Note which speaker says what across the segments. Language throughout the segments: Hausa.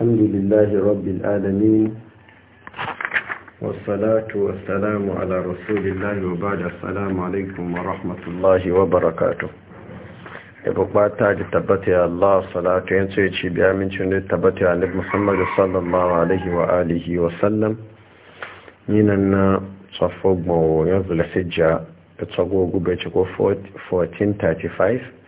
Speaker 1: الحمد لله رب العالمين والصلاة والسلام على رسول الله وبعد السلام عليكم ورحمة الله وبركاته ibukpa ta ji tabbata ya Allah salatu yan ce ci biya min cin tabbata ya Muhammad sallallahu alaihi wa alihi wa sallam ninan na gbo ko 1435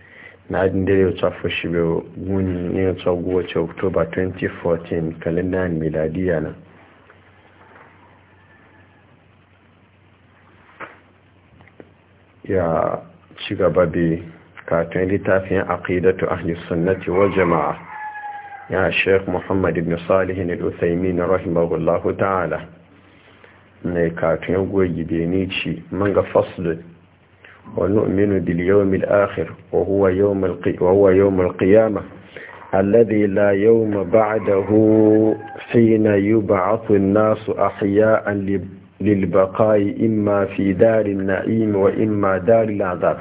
Speaker 1: na da yau tsafa shi wuni ne ya tsago wace oktoba 2014 kalendar miladiya na ya ci gaba da katon littafin aqidatu ahli sunnati wal jama'a ya sheikh muhammad ibn salihin al-uthaymin rahimahullahu ta'ala ne katon goyi ci manga faslun ونؤمن باليوم الآخر وهو يوم, القي... وهو يوم القيامة الذي لا يوم بعده حين يبعث الناس أحياء للبقاء إما في دار النعيم وإما دار العذاب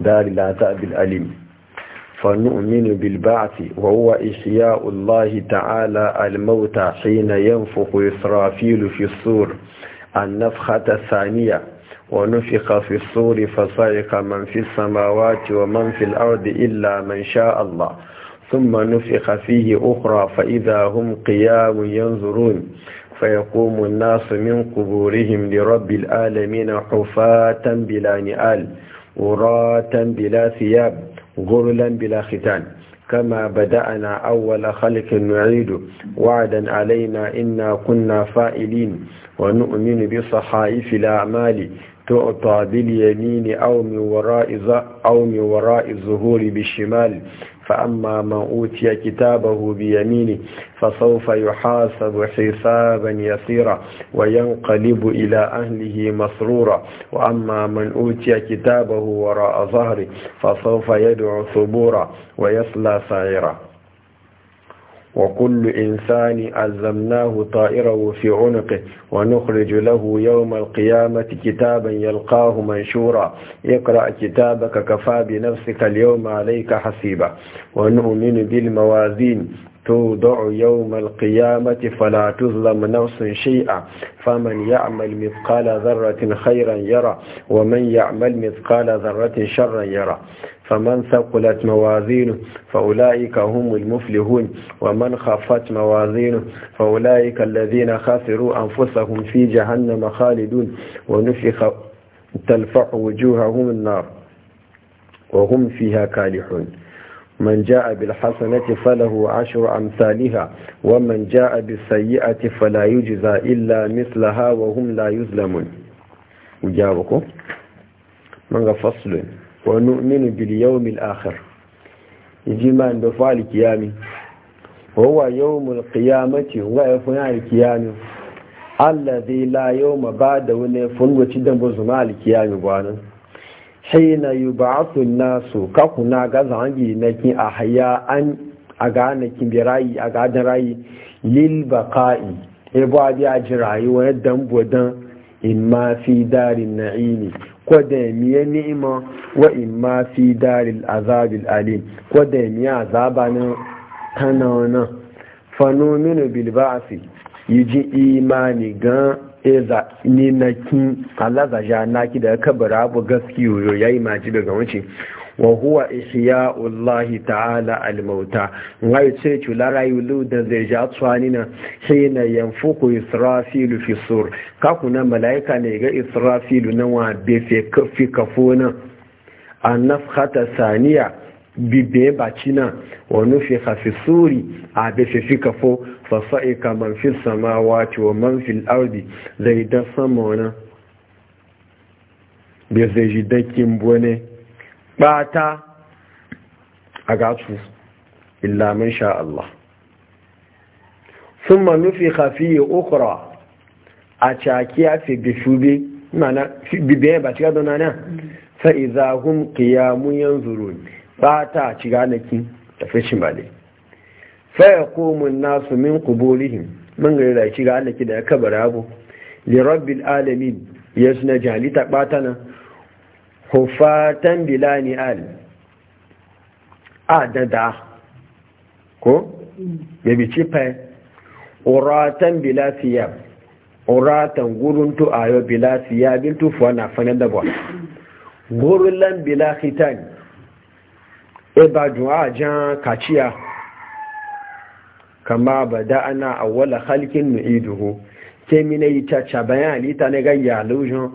Speaker 1: دار العذاب الأليم فنؤمن بالبعث وهو إحياء الله تعالى الموتى حين ينفخ إسرافيل في الصور النفخة الثانية ونفخ في الصور فصعق من في السماوات ومن في الأرض إلا من شاء الله ثم نفخ فيه أخرى فإذا هم قيام ينظرون فيقوم الناس من قبورهم لرب العالمين حفاة بلا نئال وراة بلا ثياب غرلا بلا ختان كما بدأنا أول خلق نعيد وعدا علينا إنا كنا فائلين ونؤمن بصحائف الأعمال تعطى باليمين أو من وراء أو من وراء الظهور بالشمال فأما من أوتي كتابه بيمينه فسوف يحاسب حسابا يسيرا وينقلب إلى أهله مسرورا وأما من أوتي كتابه وراء ظهره فسوف يدعو ثبورا ويصلى سعيرا وكل إنسان ألزمناه طائره في عنقه ونخرج له يوم القيامة كتابا يلقاه منشورا اقرأ كتابك كفى بنفسك اليوم عليك حسيبا ونؤمن بالموازين توضع يوم القيامة فلا تظلم نفس شيئا فمن يعمل مثقال ذرة خيرا يرى ومن يعمل مثقال ذرة شرا يرى فمن ثقلت موازينه فأولئك هم المفلحون ومن خفت موازينه فأولئك الذين خسروا أنفسهم في جهنم خالدون ونفخ تلفع وجوههم النار وهم فيها كالحون من جاء بالحسنة فله عشر أمثالها ومن جاء بالسيئة فلا يجزى إلا مثلها وهم لا يظلمون وجاوكم من فصل wa nu'minu bil yawmil akhir ijima inda fa'al qiyam wa huwa yawmul qiyamati wa yafuna al kiyami alladhi la yawma ba'da wa ne funwaci dan bozu ma qiyam kiyami gwanin hina yub'athu an-nasu ka kuna ga zangi naki ahya an aga kin birayi aga dan rayi lil baqa'i e bo abi aji rayuwa dan bodan imma fi darin na'imi ko da miya ni'ima wa imma fi darin azabil alim ko da miya azaba na tanawana fanominu bilba'asi yi ji imani gan eza ni na kin alazaja naki da kabara abu gaskiyo yayi maji daga wuce wa huwa ihya'ullahi ta'ala al-mauta ngai ce ki la rayu da zai ja tsani na hina yanfuku israfil fi sur ka kuna malaika ne ga israfilu nan wa be fe kafi kafona nafkhata saniya bibe bacina wa nufiha fi suri a fi fika fo sa'ika man fi samawati wa man fil ardi zai da samona bi zai ji dakin bone bata a gasu illa man sha Allah nufi hafi ya a cakiya fi bishube mana bibiyan ba ciga dona na fa idza hum qiyamun yanzurun bata ciga naki tafishin bale fa yaqumu an-nasu min kuburihim mun ga da ci Allah ki da kabara abu li rabbil alamin na jalita nan hufatan bila ni'al adada ko ya bici fai uratan bila siyab uratan gurun tu ayo bila tu tufuwa na fanin da e ba lan bila hitan ibadun ajan kaciya kama ba da ana awwala halkin nu'iduhu ke mina yi ta cabayan ne na gayya alujan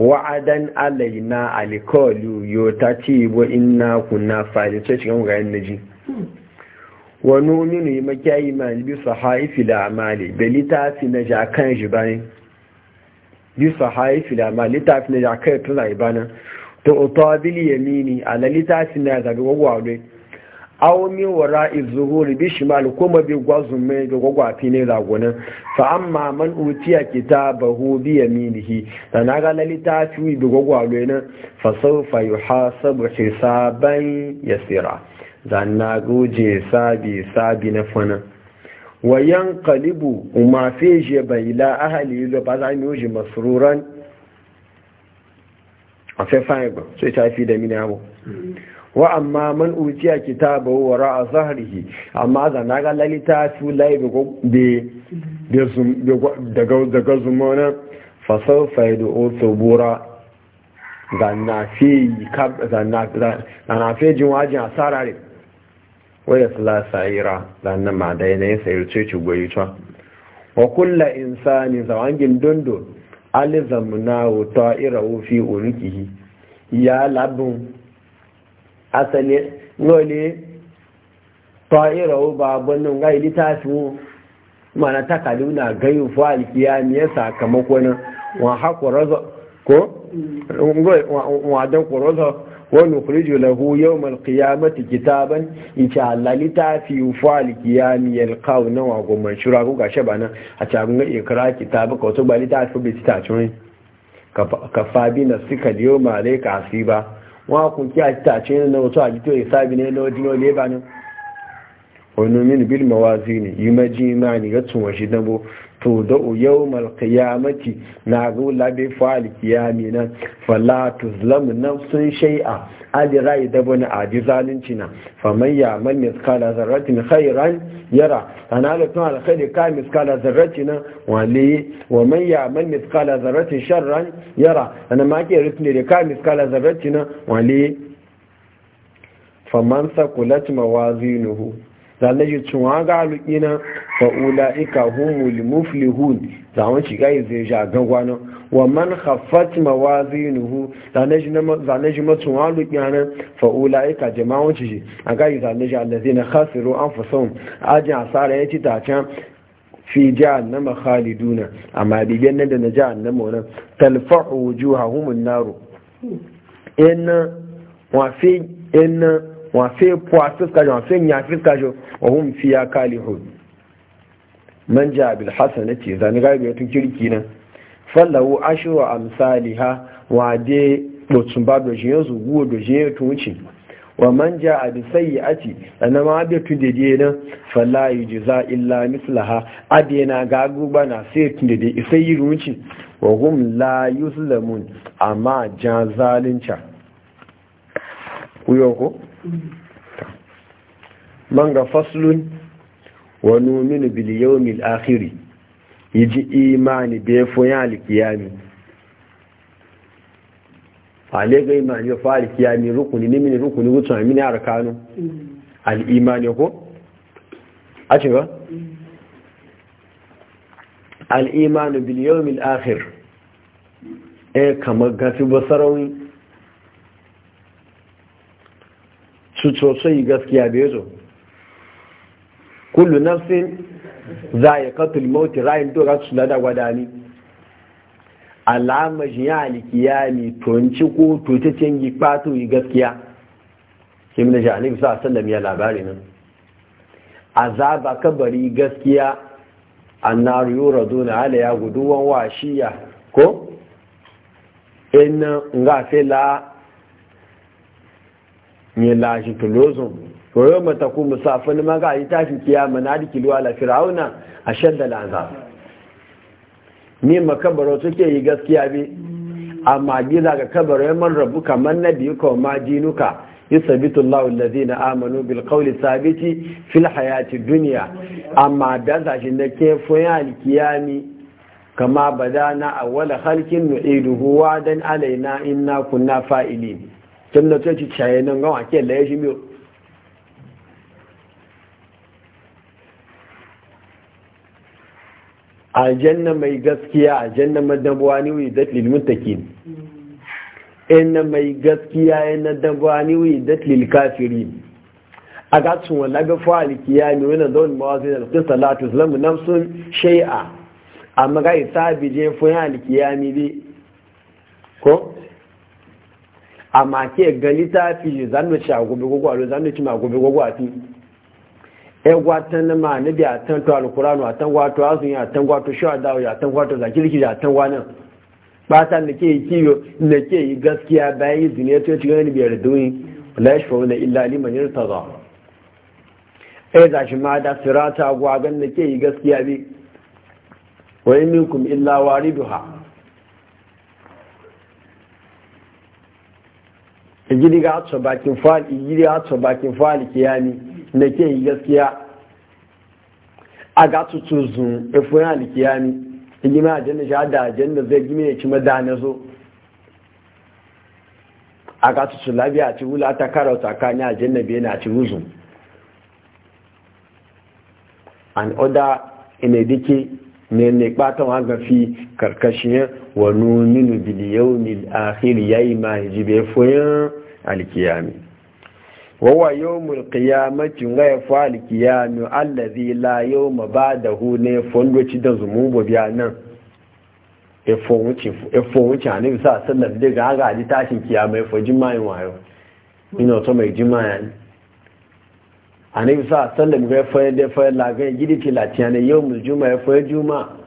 Speaker 1: wa'adan alaina alikolu yo ta ce bo inna kunna fa'ilin sai cikin wurayen naji wa nominu yi makiyayi ma bi sahaifi da amali da littafi na jakan jibani bi sahaifi da amali littafi na jakan tuna ibanan to otabili yamini ala littafi na zaga gwagwagwai aumi wara izuhuri bi shimal kuma bi gwazume ga gwagwafi ne zagonin fa amma man utiya kitabahu bi yaminihi da na ga lalita fi bi gwagwalo ne fa sawfa yuhasabu hisaban yasira da na goje sabi sabi na fana wayan qalibu umar fi jaba ila ahli ba za mu yi masruran a fa ba sai ta fi da abu wa amma man uciya kitabahu wara a zahrihi amma da ga lalita su lai daga zumona fasau faidu o tsobura zana fi jin wajin asara ne wadda sula sa'ira zana ma da yanayin sayar ce ci goyi ta wa kulla insani zawangin dondo alizamuna wa ta'ira fi unukihi ya labin asali ngoli ta'irau babban nan gai littafin mana takalu na gayu fa alkiyami ya sakamako na? wa hakurazo ko wa dan kurazo wa nukhriju lahu yawm alqiyamati kitaban insha Allah litafi fa alkiyami yalqaw na wa gumman shura ko gashe bana a tabun ga ikra kitabu ko to ba litafi bi titacin kafa bi nafsika yawma alayka asiba wọ́n kò kí àti tàṣí nínú ọ̀tọ́ àjíjọ ìsáàbì ní lọ́dún ní ọlẹ́bà náà ọ̀nà mínú bílmọ̀wá sí ni yíò mẹ́jì máa nìyẹ́ tún ṣe dánbó to da yawmal qiyamati na ga wala be fali kiyami nan fala tuzlamu nafsun shay'a ali rai da bani aji zalunci na faman ya man miskala zarratin khairan yara ana la tun alkhairi ka miskala zarratin nan wali wa man ya man miskala zarratin sharran yara ana ma ke rufin da ka miskala zarratin nan wali faman sakulat mawazinuhu zane yi tun ga aluki nan fa'ula ika humul muflihun zawon shiga yi zai sha gangwanan wa man haffat mawazinuhu zane shi matun aluki nan fa'ula ika jama'un shi a gayi zane shi allazi na khasiru an fason ajin asara ya ci tacen fi jahannama khaliduna amma bigen nan da na jahannama wannan talfa'u wujuhahum an-nar inna wa fi inna wọ́n fẹ́ pọ́ àfíkàjọ́ wọ́n fẹ́ yìn àfíkàjọ́ ọ̀hún fi ya káàlì hùn manja abilhassan na zan zane gari ya tun kirki na. nan fallawo ashiru amsali ha wade ɗotun ba da jiyan zuguwa da jiyan tunci wa man ja a ce sannan ma abin tun daidai nan fallayi jiza illa mislaha adina gaguba na sai tun daidai isai yi runci wa hum la yuslamun amma jan zalinca ku Manga ga faslun wa numinu bil yawmil akhir yaji imani be foya alkiyami ale ga imani ya fa alkiyami rukuni ne min rukuni wuce min arkanu mm. al imani ko a ce ba mm. al imani bil yawmil akhir eh kamar gafi basarawi su sosai gaskiya bai zo kullu nafsin za ya katul mauti rayin su lada gwadani alama jiya alikiyami tonci ko tutacin yi fato yi gaskiya shi na ji alif sa sallam ya labari nan azaba kabari gaskiya annaru yuraduna alaya guduwan washiya ko in nga fela Ni lashin tulozun to yau mata ku musafin ga yi tashin kiya na da kiluwa ala fir'auna a shadda Ni ne makabaro suke yi gaskiya bi amma gida ga kabaro ya man rabu kamar na biyu ko ma dinuka yusabitu Allah allazina amanu bil qawli sabiti fil hayati duniya. amma da shi da ke fuya alkiyami kama badana awwala khalqin nu'iduhu wadan alaina inna kunna fa'ilin tun da ci caye nan gawa ke laye shi biyu aljanna mai gaskiya aljanna madabuwa ni wuyi dat lil muttaqin inna mai gaskiya inna dabuwa ni wuyi dat lil kafirin a gatsun wala ga fa alkiyami wala don mawazin alqisa la tuzlamu nafsun shay'a amma ga isabi je fa alkiyami bi ko amma ke ta fi zanu ci agobe gogo a zanu ci magobe gogo a fi e gwatan na ma nabi a tan to alkuranu a tan gwato azu ya tan gwato sha da ya tan gwato zakirki ya tan ba ta da ke kiyo ne ke yi gaskiya bayan yi duniya to ci gani biyar duni la yashfa wa illa liman yartaza e da shi ma da sirata gwagan da ke yi gaskiya bi wa yaminkum illa wariduha gidi ga hatsa bakin fali gidi ga hatsa bakin fali yani na ke yi gaskiya a ga tutu zun efuwa alikiyami yi ma a shi hada ajiyar zai gini ya ci madana zo a ga tutu labiya a ci wula ta ta kanya ajiyar da biya na ci wuzu an oda ina dike ne ne wa ga fi karkashin wa numinu bil yawmil akhir yayi ma jibe foyan alkiyami wawa yawmul qiyamati ya fa alkiyami allazi la yawma ba'dahu ne fondo ci da zumu bo biya nan e fon wuce e fon wuce ne sa sallan da ga ga ji tashin kiyama e fojin mai wayo ina to mai jimaya ne annabi sa sallan ga fa da fa la ga gidi tilatiya ne yawmul juma'a fa juma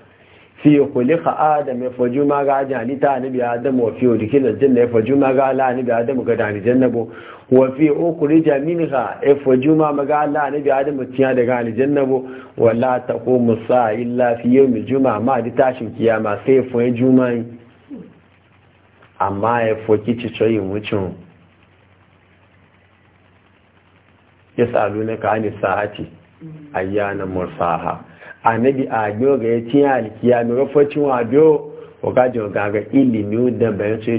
Speaker 1: fi ka adam ya faju ma ga jalita anabi adam wa fi udkhila janna ya faju e ma ga la anabi adam ga dani jannabo wa fi ukhrija ka ya faju ma ga la anabi adam tiya daga aljannabo wa la ko musa illa fi mai juma ma di tashin kiyama sai fo juma'a amma e ya fo kici tsoyi mucin yasalunaka ani sa'ati ayyana mursaha anabi agbeo ga etinye alikiya mere focin wa biyo ọgájọ ọgága ilimi ó dẹ̀bẹ̀rẹ̀ tó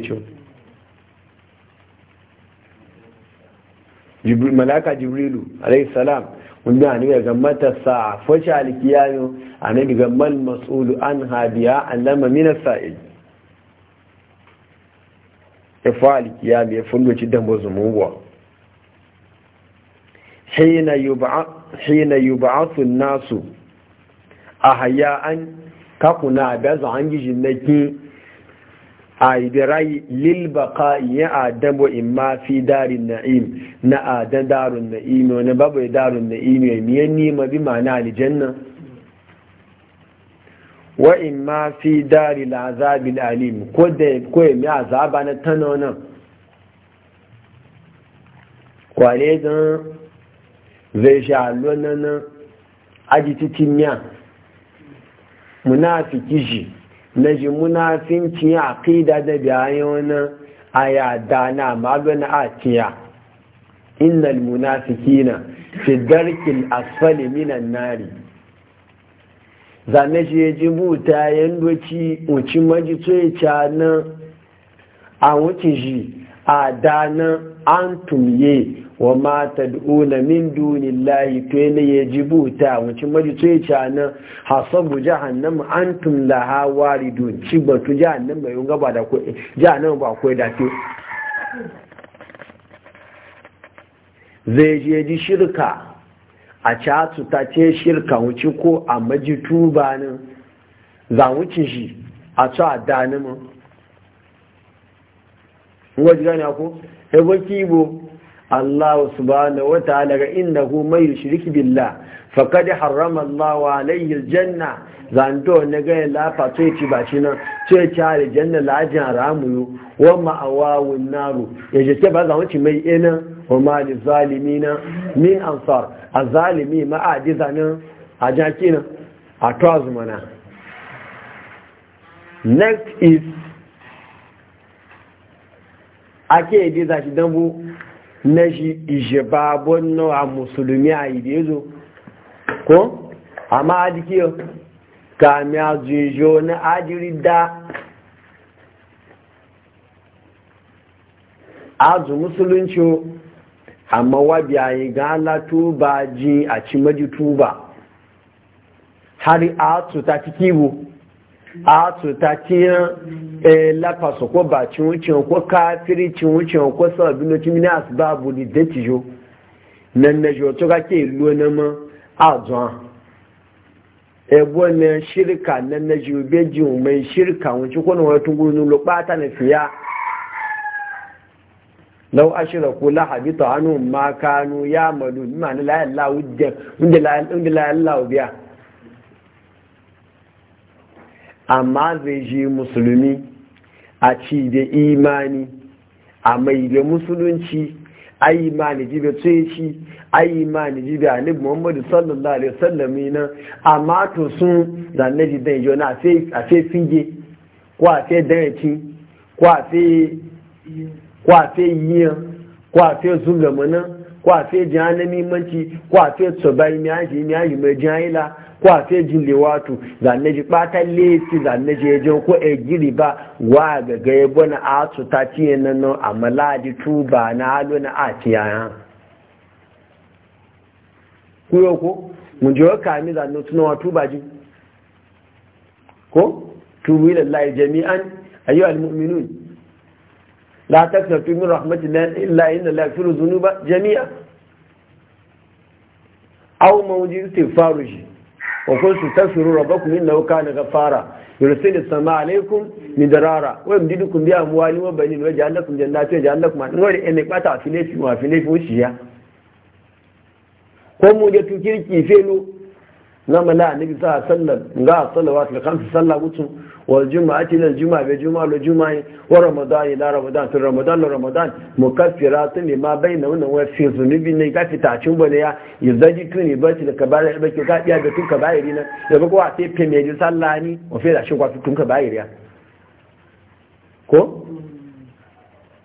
Speaker 1: ẹ̀tọ́ malaka jibrilu alaihissalam wọ́n gammata ní a matasa focin alikiya yóò anabi ga mal masulu an habiya alama mina sa'il ẹfọ́ alikiya mai fún lóci dambo zumuwa hina yuba'asu nasu a haya an kakuna a bayan zuwa na jinnakin a idirai lilbaka iya yi adabo in ma fi darin na'im na adan darun na'im wani babu ya darun na'im ya miye nima bi ma'ana alijanna wa in ma fi dari azabi alim ko da ko ya mi azaba na tano nan kwale don zai sha allo nan aji titin miya munafiki ji na ji munafinci a kida da bayan wani a yada na magana a tiya innal na, fi darkin asfali minan nari zane shi ya ji buta yandoci uci maji tsoye ca nan a wuce shi a danan antum ye wa ma tad'una min dunillahi to ne yajibu ta wucin maji to ya ca nan hasabu jahannam antum laha waridun ci batu jahannam mai yunga ba da ko jahannam ba ko da ke zai je ji shirka a catu ta ce shirka wuci ko a maji tuba nan za wucin shi a ca danimu wajen gane ku ebo kibo Allah subhanahu wa ta'ala ga innahu mai yushrik billah faqad harrama Allah alayhi aljanna zanto ne ga la fato ci ba shi nan ce ta aljanna la jin ramu wa ma ma'awawu naru je ce ba za mu ci mai ina wa ma li zalimina min ansar azalimi ma adiza nan a a next is ake yi za shi dambu na shi ishe babon nawa musulmi a yi da zo ko amma a jiki kami a zujo na ajiri da azu musulunci amma a yi gala tuba ji a cimaji tuba har a tuta ta kibo a su ta ciyan e, lafasa ko ba ciwucin ko kafiri ciwucin ko sababbin da cimini a su babu da ci jo nan na jo to kake ilo na ma a zuwa ebo na shirka nan na jo be ji mai shirka ko na wata gudun lokpata na fiya lau ashira ko lahabita hannu ma kanu ya malu ma na ya lawu biya amma zai ji musulmi a ci da imani a mai da musulunci a imani ji da tsoyaci a imani ji da alif muhammadu sallallahu alaihi wasallam na amma to sun zanne ji yi jona a sai fige ko a sai daraki ko a sai yiyan ko a sai zuga mana ko a sai jihanami manci ko a sai tsobai miyaji miyaji mai jihila ko a fe jin lewatu zanne ji batan leti zanne ji je ko e giri ba wa ga ga e bona a su ta ti nan no amala di tuba na alu na a ti ya ku yo ko mun je ka mi zanne tunawa tuba ji ko tubu ila Allah jami'an ayyuhal mu'minun la taqnatu min rahmatillah illa inna la yaghfiru dhunuba jami'a aw mawjidu tifaruji وقلت تسروا ربكم إنه كان غفارا يرسل السماء عليكم مدرارا ويمددكم بأموال وبنين ويجعل لكم جنات ويجعل لكم نقول إنك ما تعفليش وما وشيا قوم وجدتم كيركي فيلو نعم لا النبي صلى الله عليه وسلم قال صلوات الخمس صلى وسلم wal juma'ati lil juma'a bi juma'a lil juma'a wa ramadan ila ramadan tun ramadan lil ramadan mukaffiratun lima ma bai nauna fi zunubi ne ka fita cin bane ya yazaji tuni ba til kabair ba ki ka iya da tun kabairi na da ba ko a sai fe meji sallah ni wa fe da shi kwa tun kabairi ya ko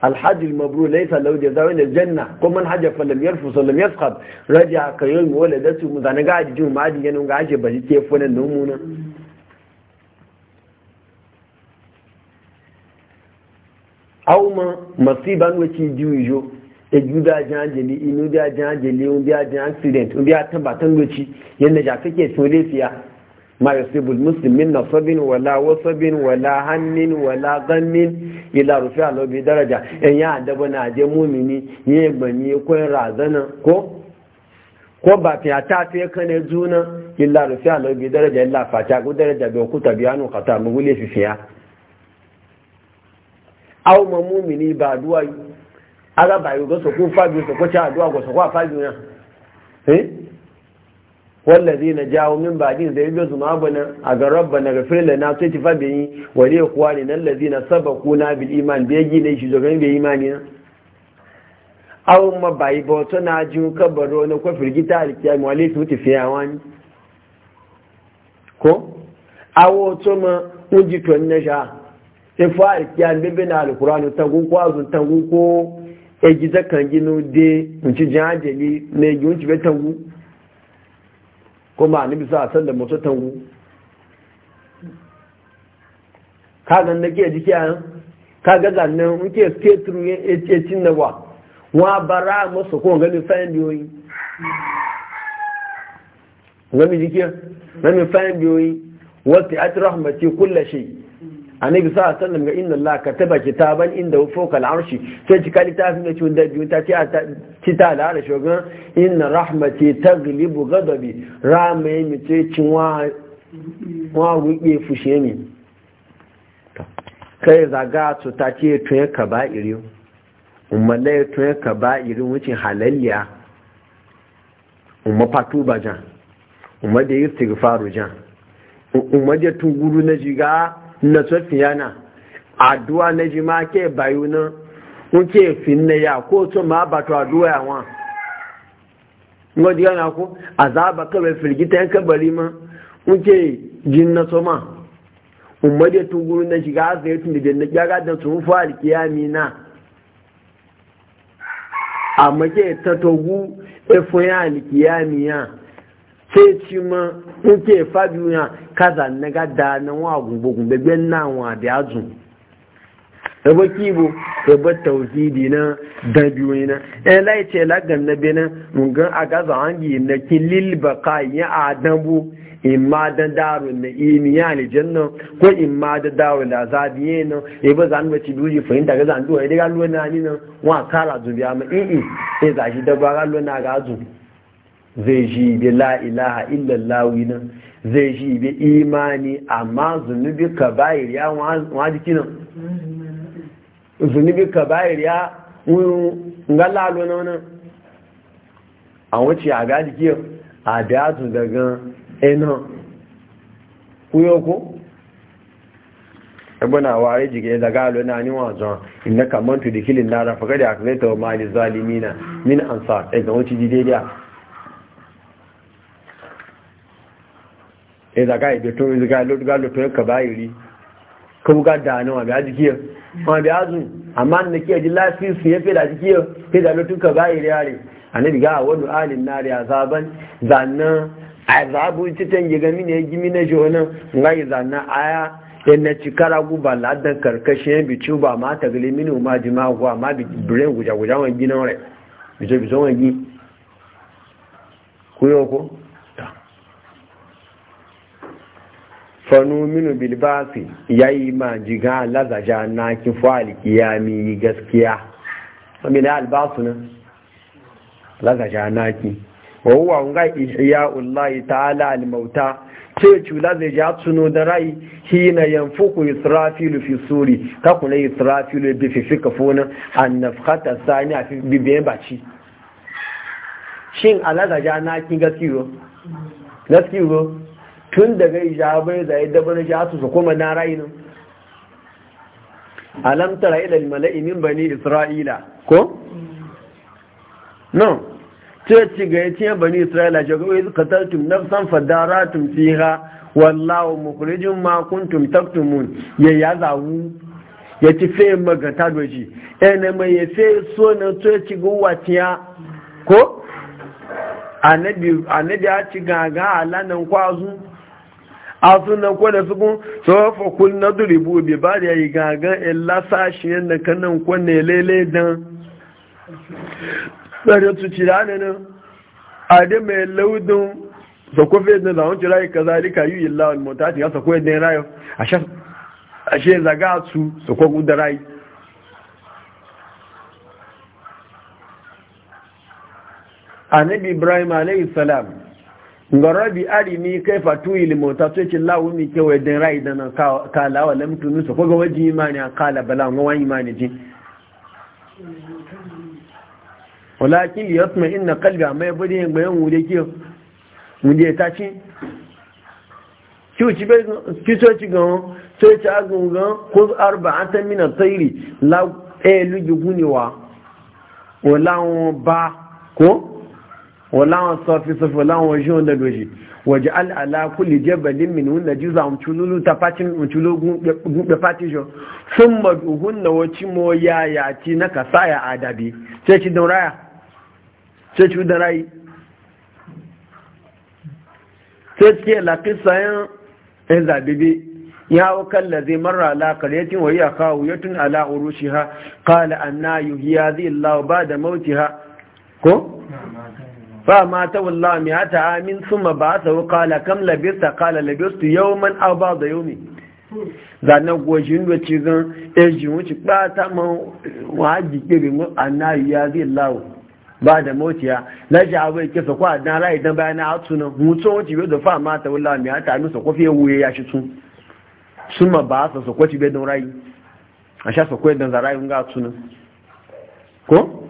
Speaker 1: الحج المبرور ليس له جزاء الا الجنه ومن حج فلم يرفث ولم يفخر رجع كيوم ولدته مزانغا جوما دي ينغا اجي بجي تفون نمونا auma masiba ŋo ci diwi jo e juda a jan jeli inu bi a jan jeli un bi a jan accident un bi a tan batan ŋo ci yanda ja kake le fiya ma yusibu muslim min nasabin wala wasabin wala hannin wala gannin ila rufi alo bi daraja en ya dabo na je mumini ye gbani ko razana ko ko ba fi ta fi kana juna illa rufi alo bi daraja illa fata ko daraja bi ku tabiyanu qata mu gule fi fiya aw ma mumini ba aduwa yi aga ba yi gosa ko fabi gosa ko ci aduwa gosa ko a fabi na eh wallazi na jawo min ba badin zai biyo zuma na a ga rabba na gafir lana sai ti fabi yi wale kuwa ne nan lazi na sabaku na bil iman biya na shi zogan biya imani na aw ma bayi ba wato na ji kabaro na ko firgita alkiyami wale su tafi fiya wani ko awo to ma unji to na sha ifa ikiya bebe na alkurani tangu ko azun tangu ko eji zakan ginu de nci ni ne gi nci be tangu ko ma ni bisa san da mutu tangu ka ga na ke jiki an ka ga zannan mun ke skate through ya e, e, tin da wa wa bara musu ko ganin fayin biyoyi gami jiki gami fayin biyoyi wata atrahmati kullu shay annabi sa sallam ga inna Allah kataba kitaban inda fawqa al-arshi sai cika littafin da cikin dabiyu ta ce a ta da ala shogun inna rahmati taglibu ghadabi rama mi mace cin wa wa fushe ne kai zaga su ta ce ka ba iri umma ya ka ba iri wucin halalliya umma fatuba jan umma da istighfaru jan umma da tunguru na jiga na sofiyana aduwa na jima ke bayu na nke finne ya ko to ma batu aduwa ya wa ngo diga na ko azaba ka be firgita yan bari ma nke jin na ma? Umar da tunguru na shiga zai tun da na gaga da sun fa alkiyami na amma ke ta togu efun ya alkiyami ya sai ci ma nke fabiyu ya kaza na ga da na wa gumbo gumbe ben na wa da azun ebo kibo ebo tauhidi na da biyoyi na eh lai ce la gan na bena mun ga aga za hangi na kilil baqa ya adabu imma da daru na imi ya ni janna ko imma da daru da zabiye na e ba zan bace duji fahimta ga zan duwa idan luwa na ni na wa zun biya ma i i sai za shi da ba ga luwa na ga zu zai ji bi la ilaha illallah wi nan zai shi bi imani amma zunubi ka bayar ya wajiki nan zunubi ka bayar ya ngalalo na wani a wuce a gajiki a datu daga ina e kuyo ko ibn awari jige da galo na kamar wazo innaka mantu dikilin a fakada ta wa mali zalimina min ansa e ga wuce jidediya ya zaka zaga ibe to ya zaga lodu galo to yanka bayiri ka buga da nan wa biya jikiyar wa biya zu amma na kiyar ji lafi su ya fi da jikiyar fi da lodu ka ba bayiri yare a na diga a wani alin na a zaben zanna a zabu titan ya gami ne ya gimi na jonan nga yi zannan aya yan na cikara guba ladan karkashin yan bicu ba ma ta gali mini ma ji jima kuwa ma biren guja guja wani gina rai bice bice wani gi kuyo ko fanuminu bilbasi ya yi ma jiga lazaja na kifo yi gaskiya amina albasu nan lazaja na ki ya nga ihya ullahi ta'ala almauta ce cu laza ja tuno da rai hina yanfuku israfilu fi suri ka kuna israfilu e bi fi fika fona nafkata sani a bi biyan baci shin alazaja na ki gaskiyo gaskiyo tun daga ijabai zai dabar ja su kuma na ra'ayin alam tara ila almala'i min bani isra'ila ko no ce ci ga yace bane isra'ila ce na san qataltum nafsan fadaratum ha, wallahu mukhrijum ma kuntum taktumun ya zawu ya ci fiye magata doji ɗana mai ya fiye so na to ci gowatiya ko a annabi a ci gaga lanin kwazu a sunan kwanan suku tsofa kun na duribu bi ba da yi gagan illa sashiyan da kanan kwanan lele don tsare su ci ne nan a da mai laudin sakofe da zaun ci rayu ka zalika yi illa almota ta yasa koyar da rayu a she zaga su sakogun da rayu annabi ibrahim alayhi salam bi rabi arini kai fatu ilimota to ce lawo mi ke wadin rai da ka kala wa lam tunu so koga waji imani an kala bala ngo wani imani ji walakin li yatma inna qalbi amma yabudi yan bayan wure mun je ta ci ki ci be ki so ci gan so ci agun gan ko arba'atan min at-tayri la e eh, lu juguniwa wala ba ko wọláwọn sọfí sọfí wọláwọn ojú ọ̀nà lóṣì wọ̀jẹ́ lè jẹ́ bẹ̀lín mi níhun nàíjíríà òǹtulúlú gúnpẹ̀ fún mọ̀dùhún náwó tí mo yá àti na àdàbí ṣẹ́ṣì dánráyì ya wakan da zai mara alaƙar a kawo ya tun shi zai lawa da mauti ha ko فما تولى مئات عام ثم بعثه قال كم لبثت قال لبثت يوما او بعض يوم zanen gojin da cizon zan ejin wuce ba ta ma waji irin annayi ya zai lawo ba da motiya na ji abai kisa kwa na ra'ayi don bayan a tuna mutum wuce bai da fa ma ta wula mai hata amin sako fiye wuye ya shi tun sun ma ba sa sakwaci bai don ra'ayi a sha sakwai dan zarayin ga tuna ko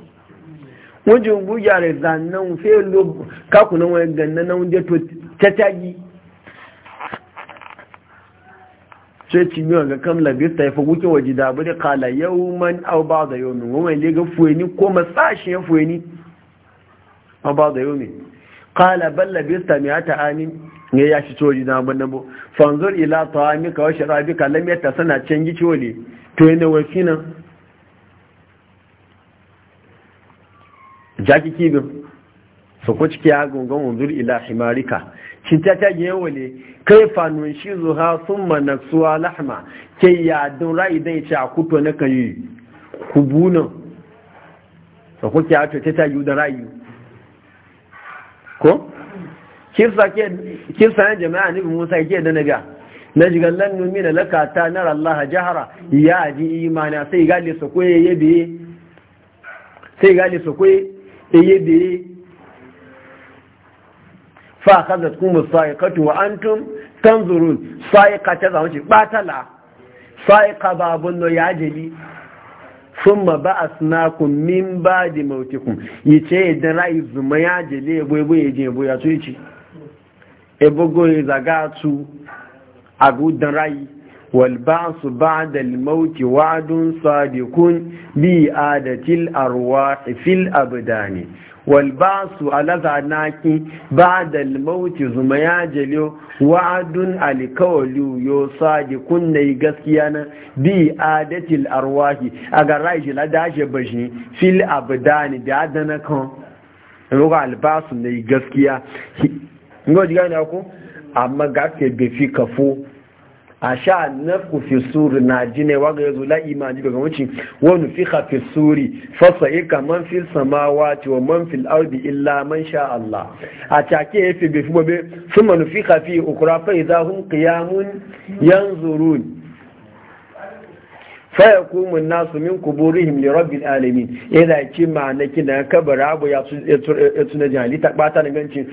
Speaker 1: wajen buga da zannan Kaku kakunan wani ganna na wunde to ta tagi sai ci miwa ga kam labista ya faguke waje da abu da kala yau man au ba da yau min wani lega fuweni ko masashi ya fuweni au ba da yau min kala ban labista mai hata amin ne ya shi coji na abin nabo fanzur ila ta kawai shi rabi kalam ya ta sana can gici wale to na wafi nan jaki kibin su ku ciki ya gungun wuzur ila himarika shi ta ta yi wale kai fanon shi zuha sun suwa lahma ke yadin ra'ayi dai ce a kuto na kan yi kubunan su ku ya cuta ta ta yi da ra'ayi ko kirsa jami'a jama'a nufin musa ke da na biya na jigan lan na da lakata na rallaha jihara ya ji imana sai gali su ya yabe sai gali su kwaye eyebe fa kazat kuma sa'iqatu wa antum tanzurun sa'iqa ta zama ce batala sa'iqa babun no ya jeli summa ba'asnakum min ba'di mautikum yace idan rai zuma ya jeli ebo ebo yaje ebo ya tuci ebo go zaga agudan rai والبعث بعد الموت وعد صادق بإعادة الأرواح في الأبدان والبعث على ذلك بعد الموت زميا جليو وعد الكوليو يو صادق نيغسيانا بإعادة الأرواح أغر رايج لداج بجني في الأبدان دعدنا كون لغة البعث نيغسيا نقول جيغاني أكو أما غاكي بفي كفو a sha nafku fi suri na ji ne waga ya zo la imani daga wucin wani fiha hafi suri fasa ika man fi samawa ce wa man fil ardi illa man sha Allah a take ya fi bai fi babe sun manufi fi ukura fa hun kiyamun yanzurun faya kumun nasu min kuburihim li rabbil alamin yana ki ma'ana kina kabara abu ya tuna jihali ta bata na ganci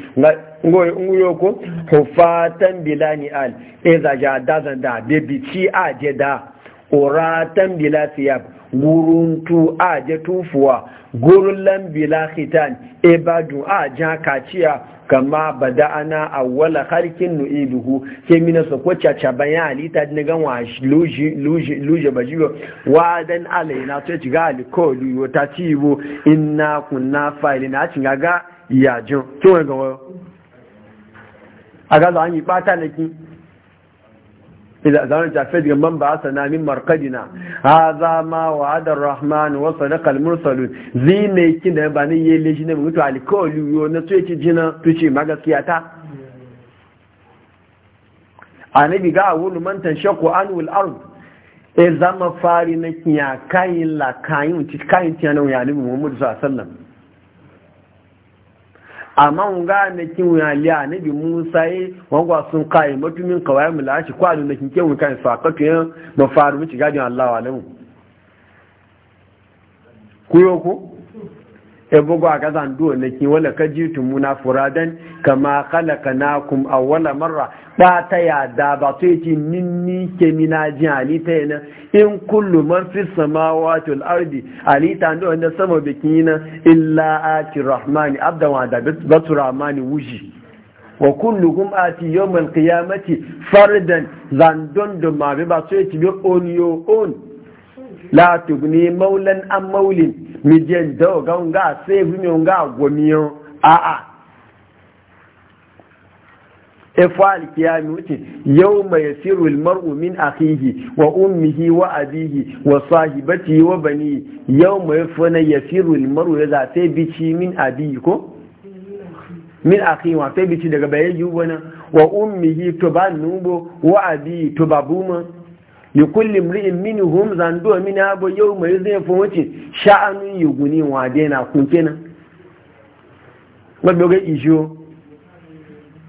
Speaker 1: ngoyi nguyo ko hufatan bilani al iza ja dazan da bebi ci a je da uratan bila siyab tu a je tufuwa gurin lambila khitan ibadu e a ja kaciya kama bada ana awwala harkin nu'iduhu ke mina su ko caca bayan halitta na gan wa luje bajiyo wa dan na to ci ga alikoli yo ta ci bo inna kunna a ci gaga yajin to ga wa aga zo an yi bata ki إذا زمان تعفيد من بعثنا من مرقدنا هذا ما وعد الرحمن وصدق المرسل زي ما يكينا باني يليجنا بمتو على كل يونا تويتي جنا تويتي ماغا سياتا annabi ga wani mantan shakku an wil e zama fari na kiya kayin la kayin ci kayin tiyana wa annabi Muhammad amma nga na kin ya liya na bi musa yi wangwa sun kai matumin kawai mu lashi kwano na kin kewu kan sakatu yan mafaru mu ci gadin Allah wa lamu ku yo ko bugu e a gazan duwa na ke wala ka ji tumuna furadan kama halaka na kum a wala marra ba ta yada ba ta yi ninni ke mina ji halitta yana in kullu man fi samawa a ardi halitta duwa na sama bikin yana illa ati rahmani abda da batu rahmani wuji wa kum ati yawmal qiyamati fardan zandon da ma be ba so yi bi on yo on la tugni maulan an maulin mi jẹ ǹdẹ́ ọ̀gá ǹgá sẹ́ẹ̀fù mi ǹgá àgọ́míyàn àà ẹfọ́ e alìkíyàmí ó ti yau mai sírù ilmar'u min àkíhì wa ummihi wa abihi wa sahibati wa bani yau ma mai e fana ya sírù ilmar'u ya e za sai bici min abihi ko min akhihi wa sai bici daga bayan yi wani wa ummihi to ba nubo wa abihi to ba buma likulli mri'in minhum zando min abu yau mai zai fa wace sha'anun yuguni wa dena kun kenan gbogbo ga ijo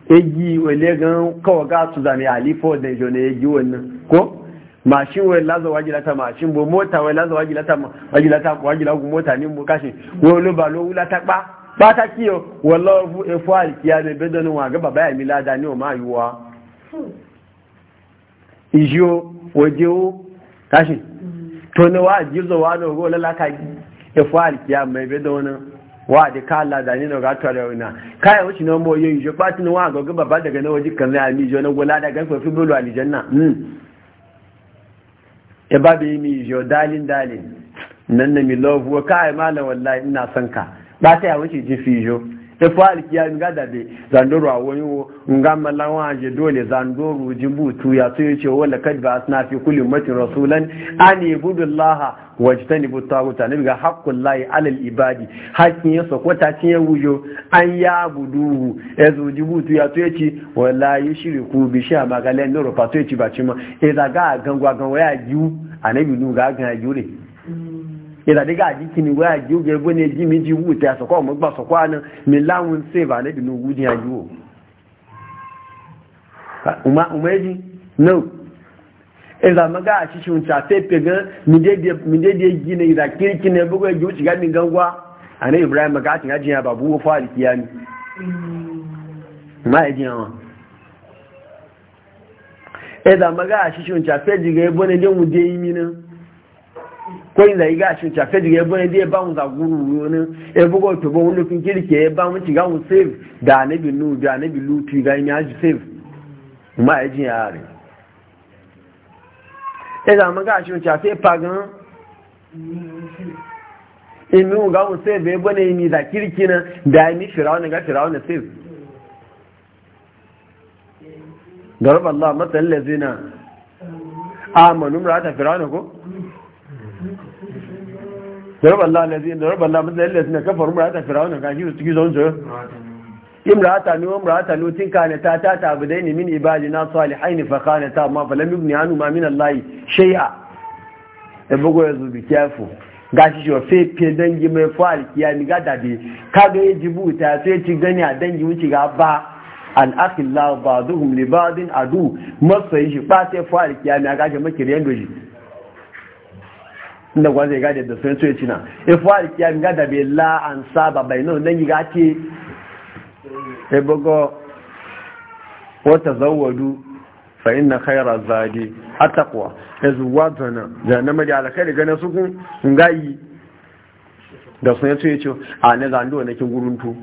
Speaker 1: egi wele gan kawo ga su zane alifo da ijo ne egi wannan ko mashin wai lazo wajila ta mashin bo mota wai lazo wajila ta wajila ta wajila ku mota ni mu kashi wo lo ba lo wula ta pa pa ta kiyo wallahu efu alkiya be bedonu wa ga baba ya milada ni o ma yuwa hmm. ijo waje o kashi mm. to ne wa jirzo wa no go lalaka ya fa alkiya mai be da wani wa da kala da ni no ga tare wina kai wuce no mo yoyi je pati no wa go ga baba daga na waje kan mm. ya mi jo na gola daga fa fi bulu aljanna mm e ba be mi jo dalin dalin nan na mi love wa kai malam wallahi ina son ka ba ta ya wuce ji fi jo ta fi alkiya ga dabe zandoro a wani wo nga malawa je dole zandoro jibutu ya so yace wala kad ba asna fi kulli ummatin rasulan an ibudullaha wajtanibu taguta nabi ga haqqul lahi alal ibadi hakin ya sokota cin ya wujo an ya buduhu ezu jibutu ya so yace wala yushriku bi sha magalen noro fa so yace ba cima e daga gangwa gangwa ya ju anabi nu ga ga jure ìdàdígà àjíkìní wẹ́ àjí ó gẹ́gbẹ́ ní ẹjí méjì wù tẹ́ àsọ̀kọ́ ọmọ gbà sọ̀kọ́ àná mi láwọn sèvà níbi ní owó ní ayé o ọmọ ẹjí náà ìzàmọ́gá àṣíṣe ń tàfẹ́pẹ̀ gan mídédé jí ní ìdàkíríkí ní ẹgbẹ́gbẹ́ ẹjí ó ti gámi gan wá àní ibrahim ká àti ìrájì yẹn bàbú wọ́n fáàlì kíá ni má ẹjí àwọn ìzàmọ́gá àṣíṣe ń tàfẹ́ jìgẹ́ ẹgbẹ́ ní ẹjẹ́ òun dé yín náà kwenda iga chincha fedi ya bwana die ba unza guru yone evugo to bo unu kinkiri ke ba mu tiga un save da ne bi nu da ne bi lu ti ga ni aji save a aji ya re e da ma ga chincha fe pagan imi un ga un save e bwana imi da kirki na da imi firawo ne ga firawo ne save garaba allah matan lazina amanu mura ta firawo ne ko ضرب الله الذي ضرب الله مثل الذين كفروا امرأة فرعون ta, ta تجي daina زون امرأة نو امرأة نو تين كانتا تعبدين من عبادنا صالحين فخانتا ما فلم يغني عنهما من الله شيئا ebogo yazo be careful gashi shi wafe fiye dangi mai fa'al kiyami ga dabe Ka ya ji ta sai ci gani a dangi wuce ga ba al'akillah ba zuhum libadin adu masayi shi ba sai fa'al kiyami a gashi inda kwanza ya gada da sun so ya cina ifuwa da kiya mi gada bai la an saba bai nan nan yiga ake ya bugo wata zawadu fa inna khaira zadi ataqwa azwa zana zana mai alkhairi ganin su kun ngayi da sun so ya ce a ne zando na kin guruntu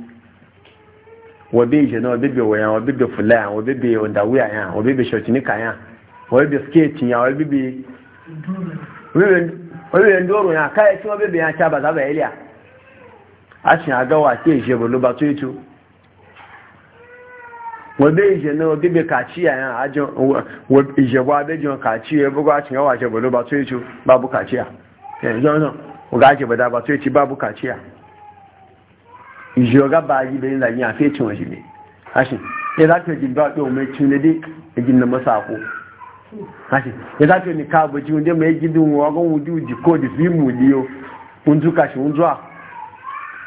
Speaker 1: wabe je na wabe be wayan wabe be fulaya wabe be wanda wuya yan wabe be shotinika yan wabe be skate yan wabe be wani yan doro ya kai shi wabe bayan ba za ba a shi a gawa ke je bulu ba to wabe na wabe kaciya ya ajin wabe je ba kaciya bugu a shi gawa je bulu ba to yato babu kaciya yanzu nan ga je ba da ba to yato babu kaciya ìṣòro gábà ibẹ̀ ní ìlànà àfẹ́ tí wọ́n ṣe lè. a ṣe ẹ̀rọ àti ẹ̀jìn bá pé òun mẹ́tí ní dé ẹ̀jìn nàmọ́sàkó ya za ta yi nika abuci wunde mai gidin wagon wuji uji ko da fi mu liyo un zuka shi un zuwa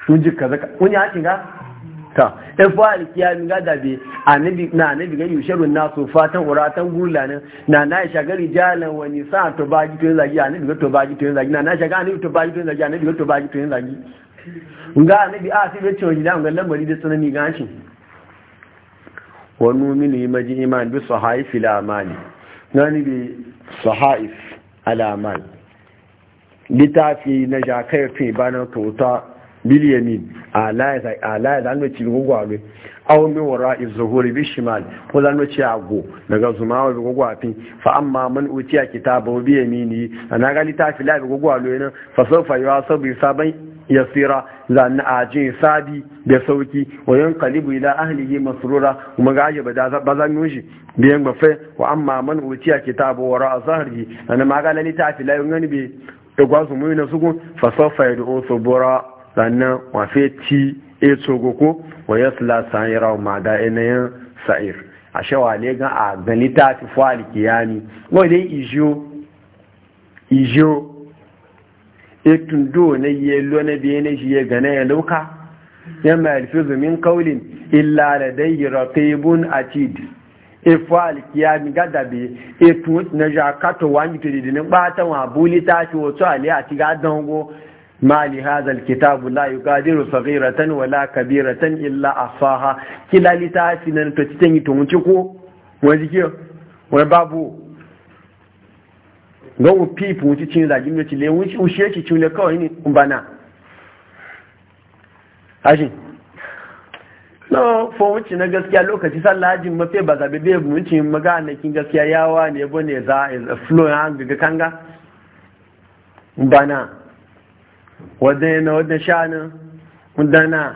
Speaker 1: un ji kaza ka wani hakin ga ta efu a rikiya min ga dabe na anabi ga yushiru na so fatan uratan gulanin na na ya shagari jalan wani sa to baji ji to yin zagi anabi ga to ba ji to yin zagi na na shaga anabi to baji ji to yin zagi anabi ga to ba ji to yin zagi nga anabi a sai bace wani dan gallan bari da tsanani gashi wani mini maji iman bi sahaifi la amali nani bi sahaif alaman littafi na jakayar fi banar kyauta biliyamin a laye zanwaci gwagware aumin wara izuhuri shimal, ko zanwaci ago daga zumawa bi gwagwafi fa amma man uciya kitaba biyamini a na ga littafi laye gwagware nan fa sofa yawa sabu sabon yasira zan aje sabi da sauki wa yanqalibu ila ahlihi masrura kuma ga aje bada ba za mu shi biyan ba fa wa amma man utiya kitabu wa ra'a zahri ana magana ni ta fi la yun bi e gwazu mu na sugun fa sawfa yad'u subura sannan wa fe ti e tsogoko wa yasla sa'ira ma da inayan sa'ir a shawa ne ga a ganita fi fa'al kiyami wai dai ijo etun do na ye lona bi ne shi ye gane ya luka ya ma alfizu min qawlin illa ladayhi raqibun atid e fal kiya mi gada bi etun na ja kato wa mi tedi ne ba ta wa buli ta ci wo ali ati ga don go ma li hada alkitab la yukadiru saghiratan wala kabiratan illa asaha kila li ta nan to ci tengi to mu ci ko wani ko? wani babu ga un pipu wuce cin zagin mace le shi yake cin kawai ne kun bana ashin no fo wuce na gaskiya lokaci sallah ajin mafi ba zabe bai wuce magana kin gaskiya yawa ne bo ne za a flow ya ga kanga bana wadda yana wadda shanin wadana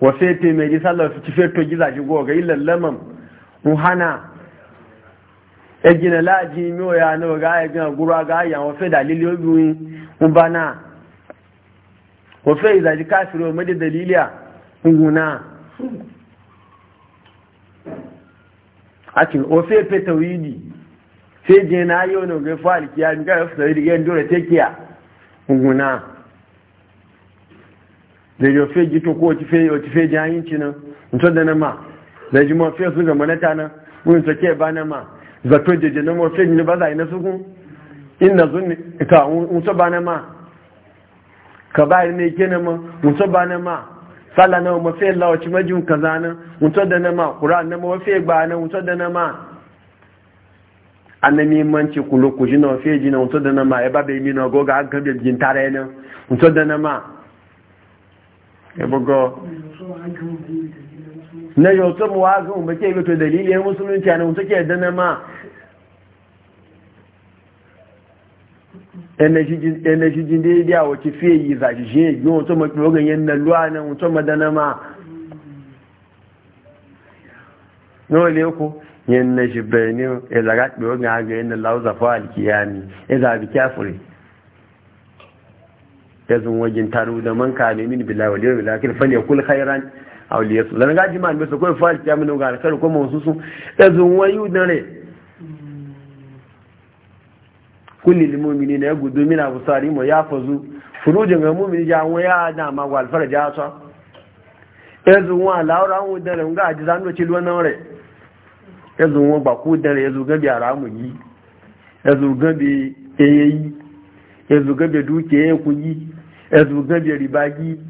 Speaker 1: wafe te mai sallah su ci feto gizashi goga ilan lamam hana ẹgbìnà láàájí mi ò yà ní ọ̀gá ẹgbìn ọ̀gúrú aga àyàwọn fẹ́ dàlílé obìnrin ń bá náà wọ́n fẹ́ ìdàjí káàkiri ọmọdé dàlílé à ń náà àti wọ́n fẹ́ pẹ̀tẹ̀ wíìdì fẹ́ jẹ́ náà yóò ní ọ̀gá fún àlìkí àgbà ọ̀fẹ́ ìdí gẹ́ ndó rẹ̀ tẹ́kì à ń náà lèyọ fẹ́ jí tó kó ọtí fẹ́ jẹ́ ayín tí náà ń tọ́ dáná mà lẹ́jìmọ̀ wọ́n ń zato jeje na mafi ne ba za yi na sukun ina ne, ka mutu ba na ma ka ba ne ke na ma mutu ba na ma sala na mafi lawaci majin kaza na mutu da na ma kura na mafi ba na mutu da na ma An annan mimanci kulo ku jina mafi na, mutu da na ma ya ba bai mina goga an kan bibin tare na mutu da na ma ya bugo na yau mu wa ga umma ke to dalili ya musulunci ne mun take yadda na ma energy shi dai dia wa ki fiye yi zaji je yi mun to mu rogan yan na luwa na mun to dana ma no le ko yin na shi bayani e zaga biyo ga ga yin na lauza fa alkiyami e za bi ya zun wajin taru da man ka ne min bilahi yau, yawmil akhir fal kula khairan awliya su lan gaji man bisa ko fa ta mun ga kar ko mun susu azun wayu dare kulli lil mu'minina yagudu min absari mu yafazu furujin ga mu'mini ja waya da ma wal faraja sa azun wa laura mu dare ga ji zan do ci luwan nan re azun wa ba ku dare azu ga biara mu yi azu ga bi eyi azu ga bi duke ku yi azu ga bi ribagi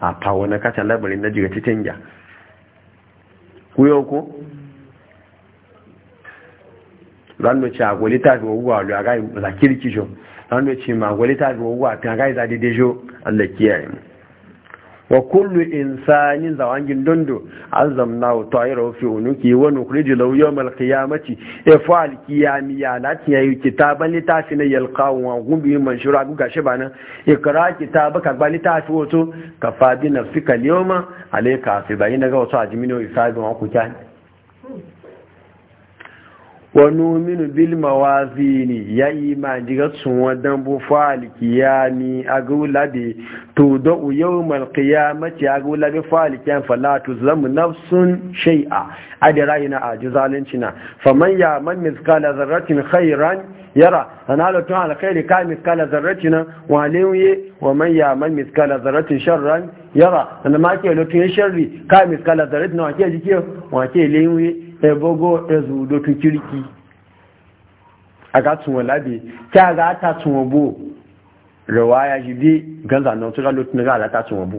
Speaker 1: a pawo na kacha labari na jiga cikin ya kuyo ko ranar ci agwali wawuwa a lura jo ci ma agwali ta wawuwa a kan ga dejo allah kiyaye mu wa kullu insanin zawangin dondo azamna wa ta'ira fi unuki wa nukhriju law yawm al-qiyamati e fa qiyami ya lati yi kitaban littafi na yalqaw wa gumbi manshura guga shi bana ikra kitabaka ba litafi wato kafa bi nafsika yawma alayka fi bayina ga wato ajmino isabi wa wani minu bil mawazini ya yi ma jiga sun wadan bu ya ni a gula bi to da uyau mal mace a gula bi faliki kiyam falatu zamu nafsun shai'a adira na a ji zalunci na faman ya man miskala zarratin khairan yara ana latun alkhairi ka miskala zarratin wa lewuye wa man ya man miskala zarratin sharran yara ana ma ke latun sharri ka miskala zarratin wa ke jike wa ke lewuye e bogo e zudo tu kirki aga tun wala bi ta ga ta tun bo riwaya jibi ganza na tun ga latun ga ta tun bo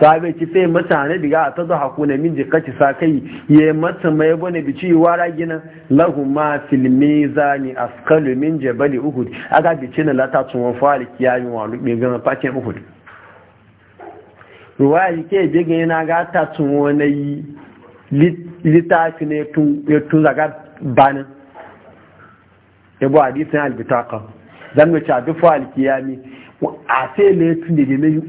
Speaker 1: sabe ki sai mutane diga ta zo hakuna min jikati sa kai ya mata mai bane bici wara gina lahu ma fil mizani asqalu min jabal uhud aga bici na lata tun wa fali kiyayi wa lube ga fakin uhud ruwaya ke biga yana ga ta tun wani litafi ne tun ya tun zaga banin yabo hadisin albitaka zan wuce a duk fali kiyami a sai le tun da jeme yi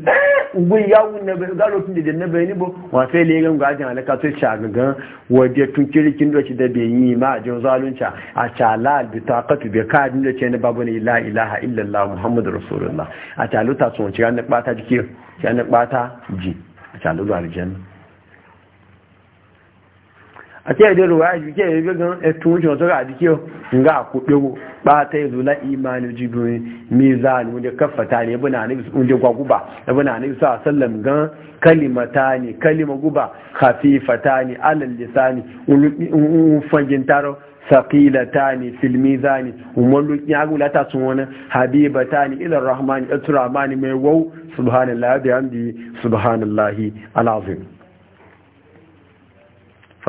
Speaker 1: ugun yawun na bai gano tun da jeme bai ni bo wa sai le gan gajin alaka to ci a gangan wadda tun kirkin doci da bai yi ma a jin zalunca a cala bi ta katu ka din da ce na babu ne la ilaha illallah muhammadu rasulullah a caluta sun ci ranar bata jiki ranar bata ji a caluta aljanna àti ẹ̀dẹ́ rò wáyé jù kí ẹ̀rẹ́ gẹ́gẹ́ ẹ̀tún oúnjẹ ọ̀tọ́rọ̀ àdíkí ọ̀ ǹgá àkópẹ́wò pàtà ìlú láì máa ní ojú ìbìnrin mìíràn ní oúnjẹ kẹfàtà ní ẹbùn àníbi oúnjẹ gbagúbà ẹbùn sallam gan ta ne kalima guba khafifata ni alalisa ni unfajin taro sakilata ne filmiza ni umarlu yagula ta sun wani ilar rahmani ɗan turamani mai wau subhanallah alazim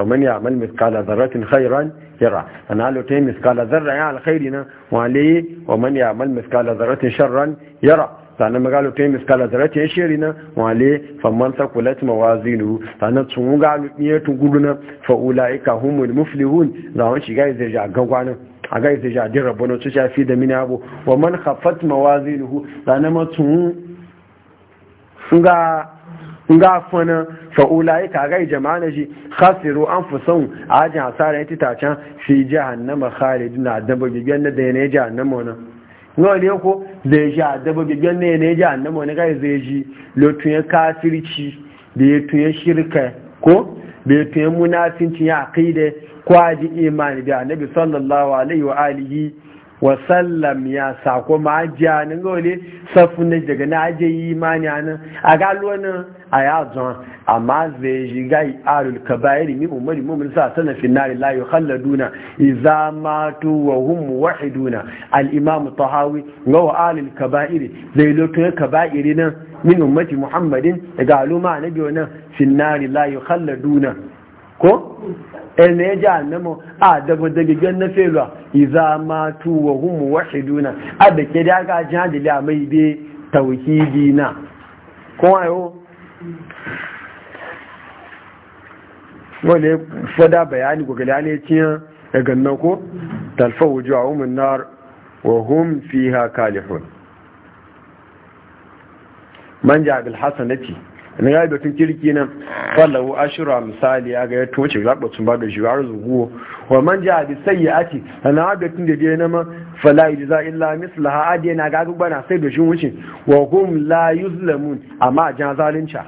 Speaker 1: faman ya amal miskala zarratin khairan yara ana halitta yi miskala zarra ya alkhairi na wale wa man ya amal miskala zarratin sharran yara sannan magalo ta yi miskala zarratin shiri na wale faman sakulat mawazinu sannan tun gano iya tun gudu na fa'ula ika humul muflihun zawon shiga ya zai jagan kwanan a ga ya jadin rabbanu su shafi da mini abu wa man khaffat mawazinuhu sannan matun ga nga fana fa ulai ka ga jama'a na ji khasiru anfusahum ajin asara yati can fi jahannama khalidun adaba gigan da ne jahannama wannan ngo ne ko zai ji adaba gigan ne ne jahannama wannan kai zai ji lotun kafirci da ya tuye shirka ko da ya tuye munafinci ya aqida ko aji imani da annabi sallallahu alaihi wa alihi wasallam ya sako ma'ajiya nan ga safin daga na aje yi imani a nan a galo nan a ya zuwa amma zai ji gai arul kabairi mi umari mumin sa sana finari la yu khalladuna idza matu wa hum wahiduna al imam tahawi ga wa arul kabairi zai lotu kabairi nan min ummati muhammadin daga aluma annabi wannan finari la yu khalladuna ko ne ya ji annamu a daga dagigen na felwa iza ma tuwa humu wahiduna a da ke da aka ji jihadi da mai be tauhidi na kuma yau wale fada bayani ko gada ne ciyan daga ganna ko talfa wujuwa umun nar wa ha kalifun manja man ja na ci na ya batun kirki nan wallahu ashura misali ya ga ya toce zabatun ba da shi har zugu wa man ya ake A ana batun da na ma dai da za a illa ha adiyar na ga gbana sai da shi wucin wa hum la yuzlamun amma jan zalunta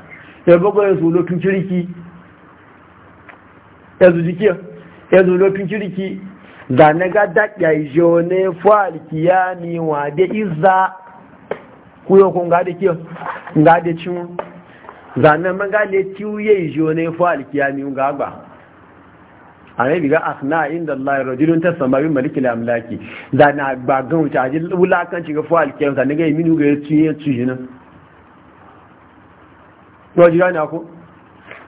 Speaker 1: ya bugo ya zulo kirki ya zujiki ya zulo tun kirki da na ga daɗa ijo ne fuhar kiyami wa da izza kuyo kun ga da kiyo ga da cin zanen man gane tiwuye ijo ne fa alkiyami ga agba a ne biga asna inda Allah ya rajulun ta samari malikil amlaki Zane agba gan wuce a jin ci ga fa alkiyami zanen ga iminu ga ya tiwuye tiwuye nan rajira ne ako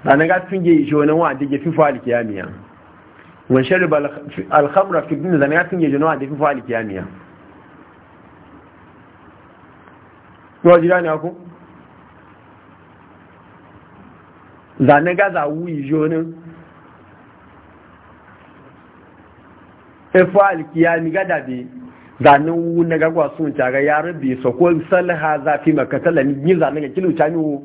Speaker 1: zanen ga finge ijo ne wa da fi fa alkiyami ya wani shari'a alhamra fi dina zanen ga finge ijo ne wa da fi fa alkiyami ya rajira ne ako zane gaza wuyi jonin efu alkiyami gada bi zane wu na gagwa sun caga ya rabe so ko za fi makatala ni zane ga kilu cani wo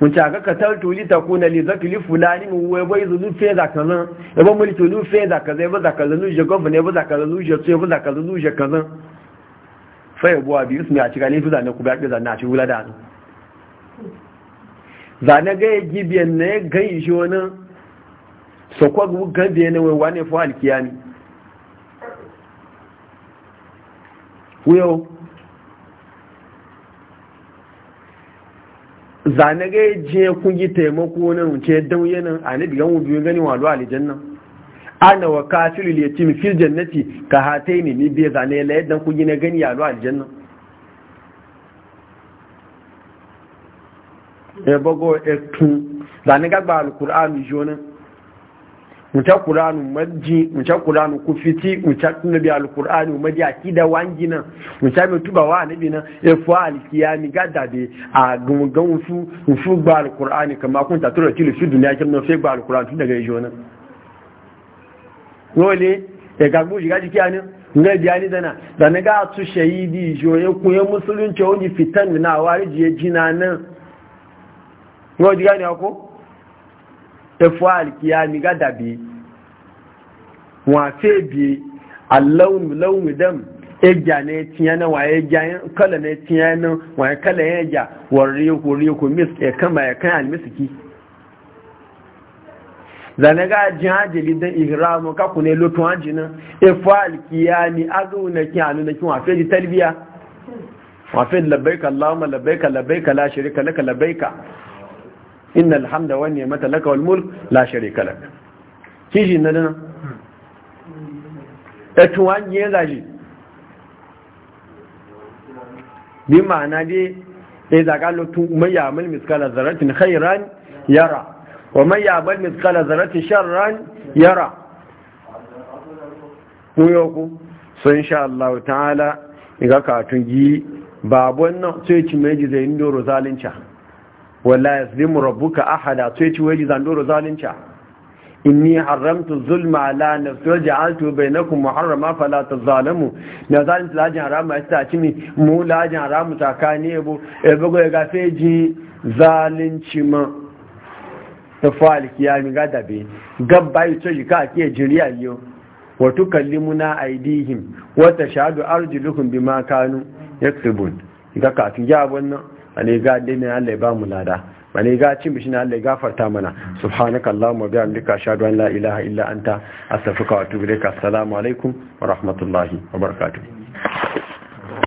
Speaker 1: mun caga katal tuli ta kuna li zaki li fulani mu wai bai zulu fe da kazan e ba mu li tulu fe da kazan e ba da kazan lu je governor e ba da kazan lu je tsaye ba da kazan lu je kazan fa yabo e abi ismi a cikin ne zane ku ba ke zane a cikin wula da su zane ga ya gibiyan na ya gai shi wani sakwa gabiya na wai wane fi halkiya ne wuyo zane ga ya je kungi taimako nan wuce don yanin a na digan wubiyo gani walo nan ana wa kafin liyatin fil jannati ka hatai ne ni biya zane layar yadda kungi na gani yalo nan ebogo etu zane gagba alkur'anu jonin muce qur'an majji qur'an ku fiti muce nabi alkur'anu majji akida wangi nan muce mai tuba wa nabi nan efu alkiyami gada be a gumugan su su gba alkur'ani kama kun ta turo kilu su duniya kin no fe gba alkur'anu tun daga jonin wole e gagbu jiga jiki anin nga biyani dana da na ga su shahidi jo ya ya musulunci wani fitan na wariji ya jina nan wọ́n jí gáni ọkọ́ ẹfọ́ àríkíyà ní gádàbí wọ́n àti èbí ẹjà ní ẹtìyàn wọ́n ẹjà kọ́lẹ̀ ní ẹtìyàn wọ́n ẹkọ́lẹ̀ ẹjà wọ́n rí okò rí okò ẹ̀kan di Allahumma labbaika labbaika la shirika laka labbaika inna alhamda wa mata laka walmul. la sharika lak kiji na dana ta eh, tuwan yin zaji bi ma'ana dai sai eh, zaga lutu mai ya'mal miskala zarratin khairan yara wa mai ya'mal miskala zarratin sharran yara ku yoku so insha Allah ta'ala iga ka tungi babon nan sai ci mai ji zai ndoro zalunci wala yazlimu rabbuka ahada to yace wai zandoro zalunta inni haramtu zulma ala nafsi wa ja'altu bainakum muharrama fala tazalimu na zalunta lajin harama ta cimi mu lajin haram ta kani ebo ebo ga ga zalunci ma ta fali ya mi ga dabe gabba yi to jika ke jiriya yo wa tukallimuna aidihim wa tashadu arjuluhum bima kanu yaktubun ga ka ti wannan wani ga dinin Allah ba mu lada wani ga cin bishin Allah gafarta mana subhanaka allahumma bihamdika ashhadu an la ilaha illa anta astaghfiruka wa atubu ilaik assalamu alaikum wa rahmatullahi wa barakatuh